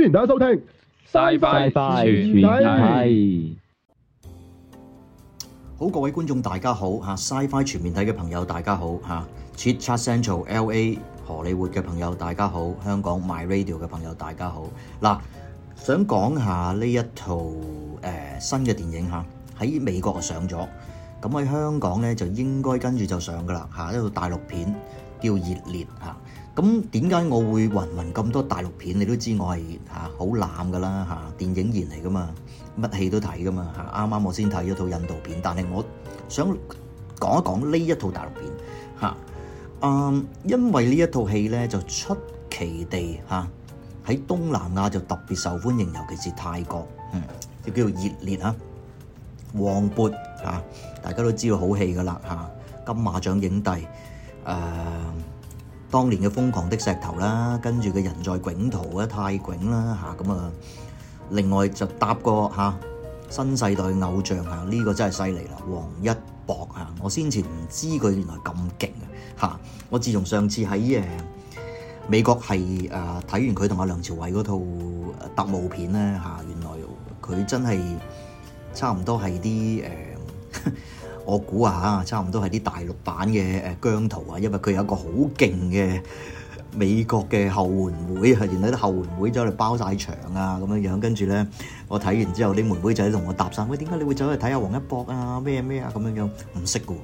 歡迎大家收聽，SciFi 全面睇，好各位觀眾大家好吓，SciFi 全面睇嘅朋友大家好吓、啊、，Central LA 荷里活嘅朋友大家好，香港 My Radio 嘅朋友大家好，嗱、啊，想講下呢一套誒、呃、新嘅電影吓，喺、啊、美國上咗，咁喺香港咧就應該跟住就上噶啦吓，一套大陸片叫《熱烈》吓、啊。咁點解我會芸芸咁多大陸片？你都知我係好懶㗎啦，電影人嚟噶嘛，乜戲都睇噶嘛，啱啱我先睇咗套印度片，但係我想講一講呢一套大陸片、啊、因為呢一套戲咧就出奇地喺、啊、東南亞就特別受歡迎，尤其是泰國，嗯，叫做熱烈嚇、啊。黃渤嚇、啊、大家都知道好戲噶啦，金馬獎影帝、啊當年嘅瘋狂的石頭啦，跟住嘅人在囧途啊，太囧啦嚇咁啊！另外就搭個嚇新世代偶像嚇，呢、這個真係犀利啦！王一博啊，我先前唔知佢原來咁勁啊嚇！我自從上次喺誒、啊、美國係啊睇完佢同阿梁朝偉嗰套特務片咧嚇、啊，原來佢真係差唔多係啲誒。啊我估啊，差唔多係啲大陸版嘅誒姜濤啊，因為佢有一個好勁嘅美國嘅後援會，啊。原來啲後援會走去包晒場啊，咁樣樣。跟住咧，我睇完之後，啲妹妹仔同我搭訕，喂，點解你會走去睇下王一博啊？咩咩啊？咁樣樣唔識嘅，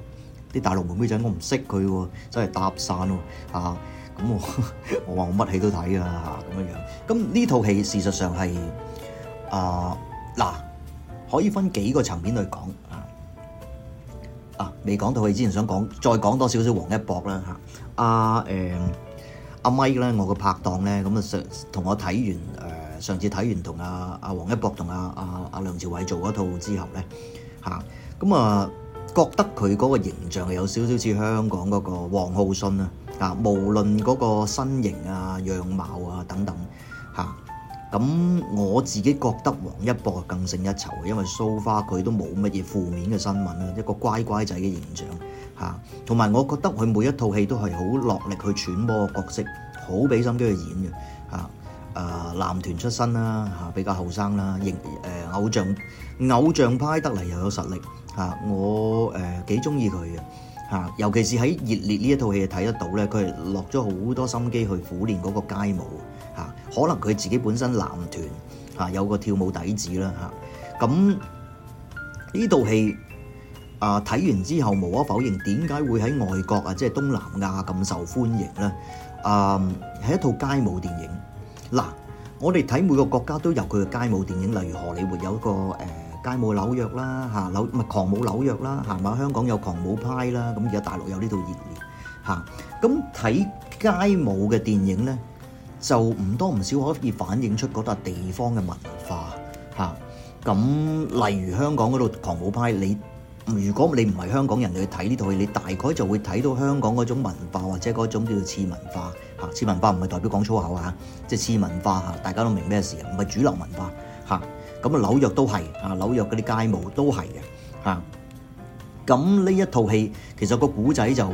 啲大陸妹妹仔我唔識佢喎，真係搭訕喎，咁、啊、我我話我乜戲都睇啊，咁樣樣。咁呢套戲事實上係啊嗱、啊，可以分幾個層面去講啊。啊！未講到佢之前想，想講再講多少少王一博啦嚇，阿誒阿麥咧，我個拍檔咧，咁啊上同我睇完誒、呃、上次睇完同阿阿王一博同阿阿阿梁朝偉做嗰套之後咧嚇，咁啊，啊，啊，啊覺得佢嗰個形象有少少似香港嗰個王浩信啊，啊無論嗰個身形啊樣貌、啊等等嚇。啊咁我自己覺得王一博更勝一籌，因為 so far 佢都冇乜嘢負面嘅新聞啦，一個乖乖仔嘅形象嚇，同埋我覺得佢每一套戲都係好落力去揣摩個角色，好俾心機去演嘅嚇。誒男團出身啦嚇，比較後生啦，亦誒偶像偶像派得嚟又有實力嚇，我誒幾中意佢嘅。嚇，尤其是喺熱烈呢一套戲睇得到呢，佢係落咗好多心機去苦練嗰個街舞啊！嚇，可能佢自己本身男團嚇，有個跳舞底子啦嚇。咁呢套戲啊，睇完之後無可否認，點解會喺外國即係東南亞咁受歡迎呢？啊，係一套街舞電影。嗱、啊，我哋睇每個國家都有佢嘅街舞電影，例如荷里活有一個誒。嗯街舞紐約啦嚇，紐咪狂舞紐約啦嚇嘛，香港有狂舞派啦，咁而家大陸有呢套熱烈嚇。咁睇街舞嘅電影咧，就唔多唔少可以反映出嗰笪地方嘅文化嚇。咁例如香港嗰度狂舞派，你如果你唔係香港人，去睇呢套戲，你大概就會睇到香港嗰種文化或者嗰種叫做次文化嚇。次文化唔係代表講粗口嚇，即係次文化嚇，大家都明咩事啊？唔係主流文化嚇。咁紐約都係啊，紐約嗰啲街舞都係嘅啊。咁呢一套戲其實個故仔就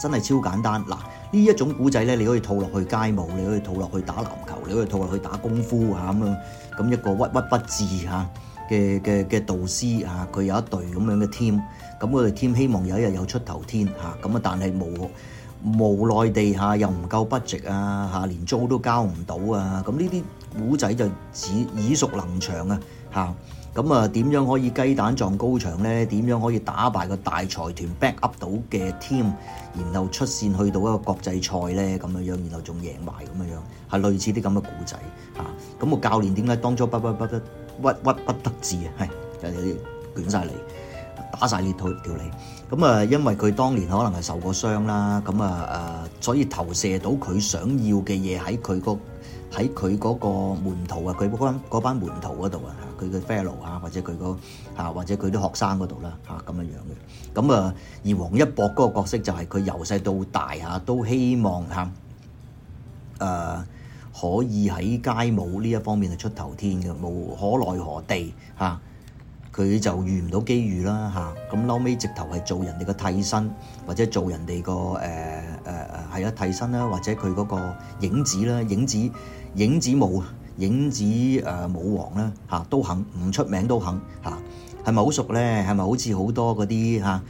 真係超簡單。嗱，呢一種故仔咧，你可以套落去街舞，你可以套落去打籃球，你可以套落去打功夫嚇咁樣。咁一個鬱鬱不志嚇嘅嘅嘅導師嚇，佢有一隊咁樣嘅 team。咁佢哋 team 希望有一日有出頭天嚇。咁啊，但係無無奈地嚇又唔夠 budget 啊嚇，連租都交唔到啊。咁呢啲古仔就指耳熟能詳啊。咁啊，點樣，、啊、樣可以雞蛋撞高牆咧？點樣可以打敗個大財團 back up 到嘅 team，然後出線去到一個國際賽咧咁樣樣，然後仲贏埋咁樣樣，係、啊、類似啲咁嘅古仔嚇。咁、啊、個教練點解當初不不不不屈屈不得志啊？係有啲卷晒嚟。人人打晒呢套條理，咁啊，因為佢當年可能係受過傷啦，咁啊，誒，所以投射到佢想要嘅嘢喺佢個喺佢嗰個門徒啊，佢嗰班班門徒嗰度啊，佢嘅 fellow 啊，或者佢個或者佢啲學生嗰度啦，嚇咁樣樣嘅。咁啊，而王一博嗰個角色就係佢由細到大啊，都希望嚇誒、啊、可以喺街舞呢一方面係出頭天嘅，無可奈何地嚇。啊佢就遇唔到機遇啦嚇，咁撈尾直頭係做人哋個替身，或者做人哋個誒誒誒係啊替身啦，或者佢嗰個影子啦，影子影子舞，影子誒舞王啦嚇，都肯唔出名都肯嚇，係咪好熟咧？係咪好似好多嗰啲嚇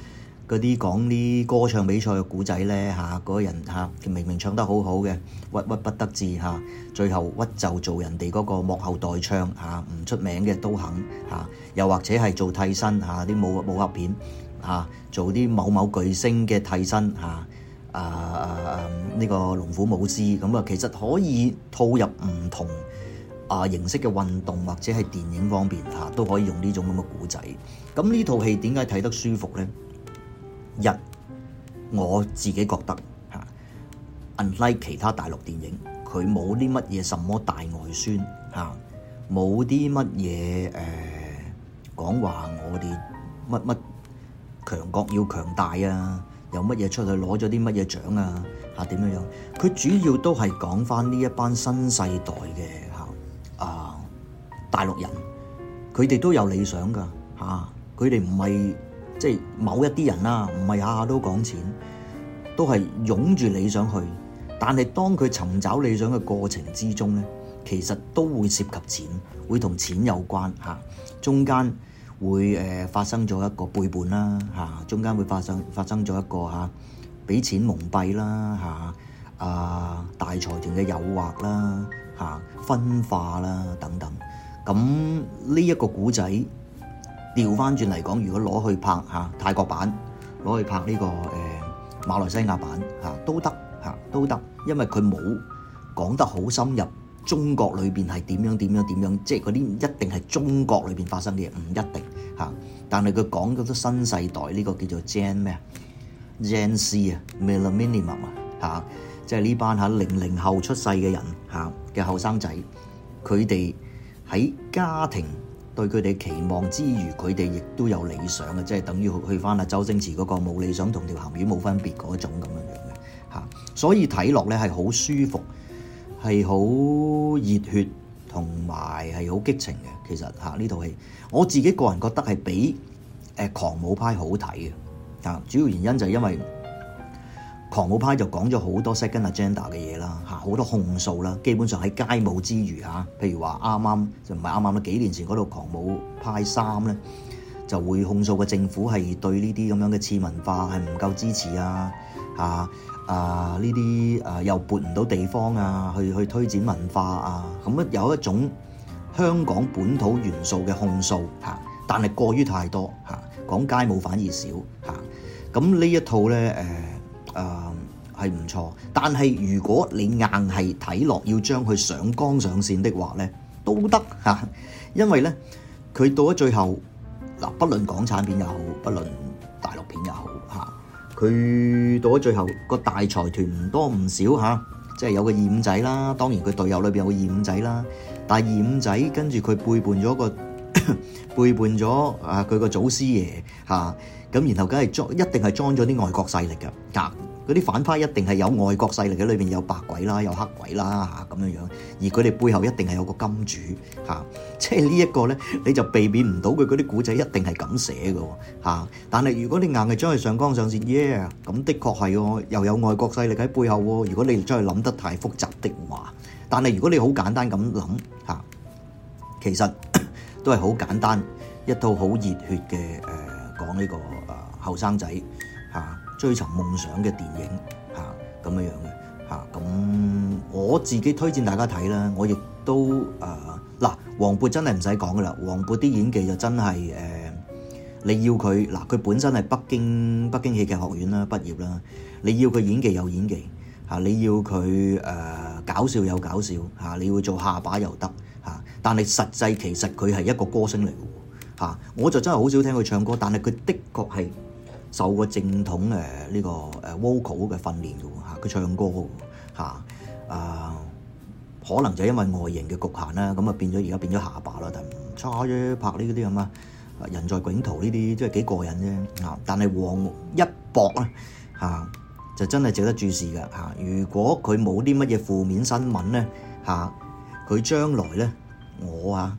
嗰啲講啲歌唱比賽嘅古仔呢，嚇，嗰人嚇明明唱得好好嘅，屈屈不得志嚇，最後屈就做人哋嗰個幕後代唱嚇，唔出名嘅都肯嚇，又或者係做替身嚇，啲武武俠片嚇，做啲某某巨星嘅替身嚇，啊呢、啊啊呢個龍虎武師咁啊，其實可以套入唔同啊形式嘅運動或者係電影方面嚇，都可以用呢種咁嘅古仔。咁呢套戲點解睇得舒服呢？一，我自己覺得嚇，unlike 其他大陸電影，佢冇啲乜嘢，什麼大外宣嚇，冇啲乜嘢誒講話我哋乜乜強國要強大什麼拿什麼啊，有乜嘢出去攞咗啲乜嘢獎啊嚇點樣樣？佢主要都係講翻呢一班新世代嘅嚇啊大陸人，佢哋都有理想㗎嚇，佢哋唔係。即係某一啲人啦，唔係下下都講錢，都係擁住理想去。但係當佢尋找理想嘅過程之中呢，其實都會涉及錢，會同錢有關嚇。中間會誒發生咗一個背叛啦嚇，中間會發生了會發生咗一個嚇俾錢蒙蔽啦嚇，啊大財團嘅誘惑啦嚇分化啦等等。咁呢一個古仔。調翻轉嚟講，如果攞去拍嚇泰國版，攞去拍呢個誒馬來西亞版嚇都得嚇都得，因為佢冇講得好深入中國裏邊係點樣點樣點樣，即係嗰啲一定係中國裏邊發生嘅嘢唔一定嚇，但係佢講咗啲新世代呢個叫做 Gen 咩啊 Gen C 啊 Millennium 啊嚇，即係呢班嚇零零後出世嘅人嚇嘅後生仔，佢哋喺家庭。對佢哋期望之餘，佢哋亦都有理想嘅，即係等於去翻啊周星馳嗰個冇理想同條咸魚冇分別嗰種咁樣樣嘅嚇，所以睇落咧係好舒服，係好熱血同埋係好激情嘅。其實嚇呢套戲，我自己個人覺得係比誒狂舞派好睇嘅啊，主要原因就係因為。狂舞派就講咗好多 second agenda 嘅嘢啦，嚇好多控訴啦。基本上喺街舞之餘嚇，譬如話啱啱就唔係啱啱啦，幾年前嗰度狂舞派三咧就會控訴嘅政府係對呢啲咁樣嘅次文化係唔夠支持啊啊啊，呢啲啊又撥唔到地方啊，去去推展文化啊。咁咧有一種香港本土元素嘅控訴嚇，但係過於太多嚇，講街舞反而少嚇。咁呢一套咧誒，呃誒係唔錯，但係如果你硬係睇落要將佢上綱上線的話呢，都得嚇，因為呢，佢到咗最後嗱，不論港產片又好，不論大陸片又好嚇，佢到咗最後個大財團唔多唔少嚇，即係有個二五仔啦，當然佢隊友裏邊有個二五仔啦，但係二五仔跟住佢背叛咗個 背叛咗啊佢個祖師爺嚇，咁然後梗係裝一定係裝咗啲外國勢力㗎嚇。嗰啲反派一定係有外國勢力喺裏邊，有白鬼啦，有黑鬼啦咁樣樣，而佢哋背後一定係有個金主吓，即係呢一個咧你就避免唔到佢嗰啲古仔一定係咁寫嘅吓。但係如果你硬係將佢上綱上線耶，咁的確係喎，又有外國勢力喺背後喎。如果你將佢諗得太複雜的話，但係如果你好簡單咁諗吓，其實都係好簡單一套好熱血嘅誒講呢個誒後生仔吓。追尋夢想嘅電影吓咁樣樣嘅吓咁，我自己推薦大家睇啦。我亦都誒嗱，黃渤真係唔使講噶啦，黃渤啲演技就真係誒、呃，你要佢嗱，佢本身係北京北京戲劇學院啦畢業啦，你要佢演技有演技吓，你要佢誒、呃、搞笑有搞笑吓，你要做下巴又得吓，但係實際其實佢係一個歌星嚟嘅吓，我就真係好少聽佢唱歌，但係佢的確係。受過正統誒呢、這個誒 vocal 嘅訓練嘅喎佢唱歌嘅啊，啊，可能就因為外形嘅局限啦，咁啊變咗而家變咗下巴啦，但唔差咗拍呢啲咁啊，人在囧途呢啲即係幾過癮啫啊！但係王一博咧嚇、啊、就真係值得注視嘅嚇、啊，如果佢冇啲乜嘢負面新聞咧嚇，佢、啊、將來咧我啊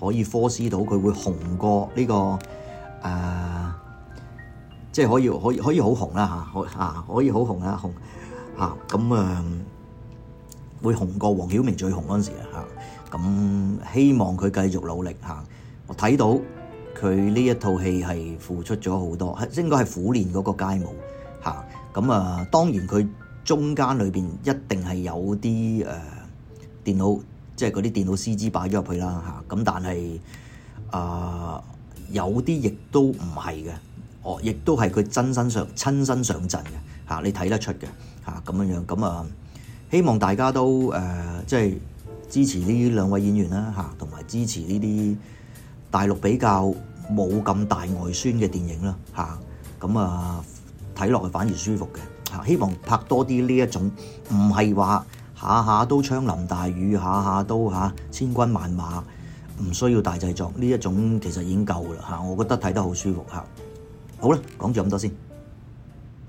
可以科 o 到佢會紅過呢、這個啊～即係可以可以可以好紅啦嚇，可以好紅啦紅嚇咁啊，啊，會紅過黃曉明最紅嗰陣時候啊嚇，咁、啊、希望佢繼續努力嚇、啊。我睇到佢呢一套戲係付出咗好多，應該係苦練嗰個街舞嚇。咁啊，啊，當然佢中間裏邊一定係有啲誒、啊、電腦，即係嗰啲電腦 CG 擺咗入去啦嚇。咁、啊、但係啊，有啲亦都唔係嘅。哦，亦都係佢真身上親身上陣嘅嚇，你睇得出嘅嚇咁樣樣咁啊。希望大家都誒、呃、即係支持呢兩位演員啦嚇，同、啊、埋支持呢啲大陸比較冇咁大外宣嘅電影啦嚇。咁啊，睇落去反而舒服嘅嚇、啊。希望拍多啲呢一種唔係話下下都槍林大雨，下下都嚇、啊、千軍萬馬，唔需要大製作呢一種，其實已經夠啦嚇。我覺得睇得好舒服嚇。啊。好啦，講住咁多先。